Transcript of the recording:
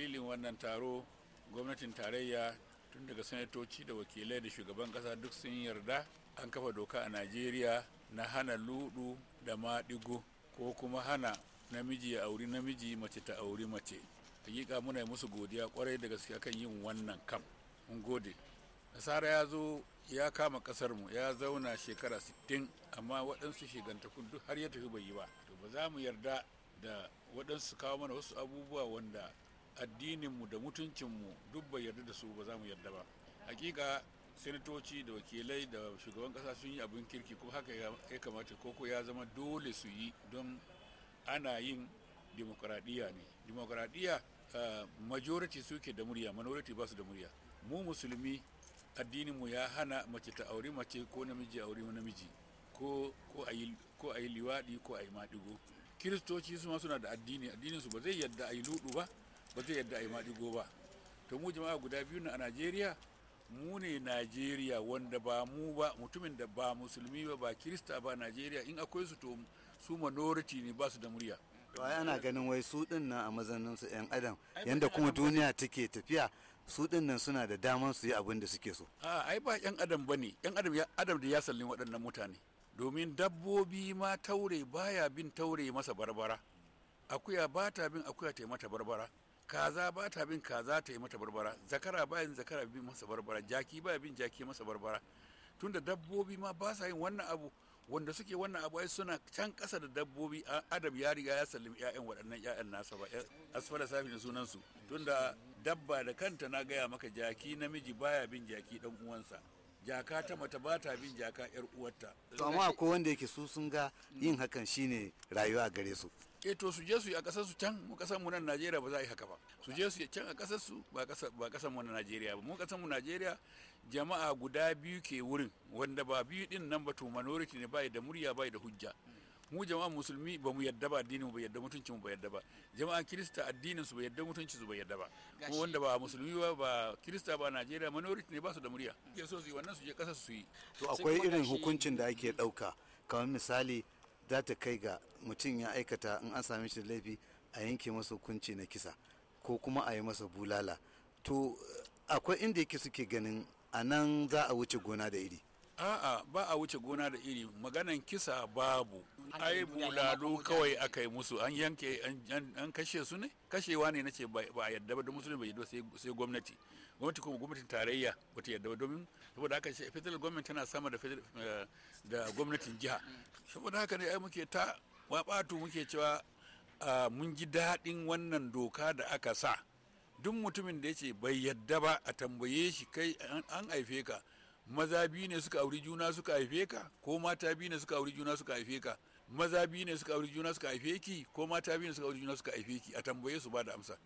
dalilin wannan taro gwamnatin tarayya tun daga sanatoci da wakilai da shugaban kasa duk sun yarda an kafa doka a najeriya na hana ludu da maɗigo ko kuma hana namiji ya auri namiji mace ta auri mace hakika muna musu godiya kwarai da gaske akan yin wannan kam mun gode nasara ya zo ya kama kasar mu ya zauna shekara 60 amma waɗansu shigantakun duk har ya tafi bai yi ba to ba za mu yarda da waɗansu kawo mana wasu abubuwa wanda addininmu da mutuncinmu duk bai yarda da su ba za mu yarda ba hakika sanatoci da wakilai da shugaban kasa sun yi abin kirki kuma haka ya kamata koko ya zama dole su yi don ana yin demokuraɗiyya ne demokuraɗiyya majority ah, majority suke da murya minority ba su da murya mu musulmi addininmu ya hana mace ta auri mace ko namiji auri namiji ko a yi liwaɗi ko a yi maɗigo kiristoci su suna da addini addininsu ba zai yadda a yi luɗu ba ba zai yadda a yi maɗigo ba to mu jama'a guda biyu na a najeriya mu ne najeriya wanda ba mu ba mutumin da ba musulmi ba ba kirista ba najeriya in akwai su to su minority ne ba su da murya to ai ana ganin wai su din nan a mazanin su yan adam yanda kuma duniya take tafiya su din nan suna da daman su yi abin da suke so a ai ba yan adam bane yan adam ya adam da ya sallin waɗannan mutane domin dabbobi ma taure baya bin taure masa barbara akuya ba ta bin akuya ta mata barbara kaza ba ta bin kaza ta yi mata barbara zakara ba yin zakara bin masa barbara jaki ba bin jaki masa barbara tunda dabbobi ma ba sa yin wannan abu wanda suke wannan abu ai suna can kasa da dabbobi adam ya riga ya sallimi ƴaƴan waɗannan ƴaƴan nasa ba asfala safi da sunan su tunda dabba da kanta na gaya maka jaki namiji baya bin jaki dan uwansa jaka ta mata ba ta bin jaka yar uwarta to amma akwai wanda yake su sun ga yin hakan shine rayuwa gare su e to su je su yi a kasar su can mu kasar mu nan Najeriya ba za a yi haka ba su je su yi can a kasar su ba kasar ba kasar mu na Najeriya ba mu kasar mu Najeriya jama'a guda biyu ke wurin wanda ba biyu din nan ba to minority ne bai da murya bai da hujja mu jama'a musulmi ba mu yadda ba addinin mu ba yadda mutuncin mu ba yadda ba jama'a kirista addinin su ba yadda mutuncin su ba yadda ba kuma wanda ba musulmi ba ba kirista ba Najeriya minority ne ba su da murya ke so su yi wannan su je kasar su yi to akwai irin hukuncin da ake dauka kamar misali za ta kai ga mutum ya aikata in an same shi da laifi a yanke masa hukunci na kisa ko kuma a yi masa bulala to akwai inda yake suke ganin a nan za a wuce gona da iri a'a ba a wuce gona da iri maganan kisa babu ai bulalu kawai aka yi musu an yanke an kashe su ne kashewa ne na ce ba a yadda ba da musulmi bai yadda sai gwamnati gwamnati kuma gwamnatin tarayya ba ta yadda ba domin saboda haka federal government tana sama da eh, da gwamnatin jiha saboda haka ne ai muke ta wabatu muke cewa ah, mun ji daɗin wannan doka da aka sa duk mutumin da ya ce bai yadda ba a tambaye shi kai an haife ka maza biyu ne suka auri juna suka haife ka ko mata biyu ne suka auri juna suka haife ka maza biyu ne suka auri juna suka haife ki ko mata biyu ne suka auri juna suka haife ki a tambaye su ba da amsa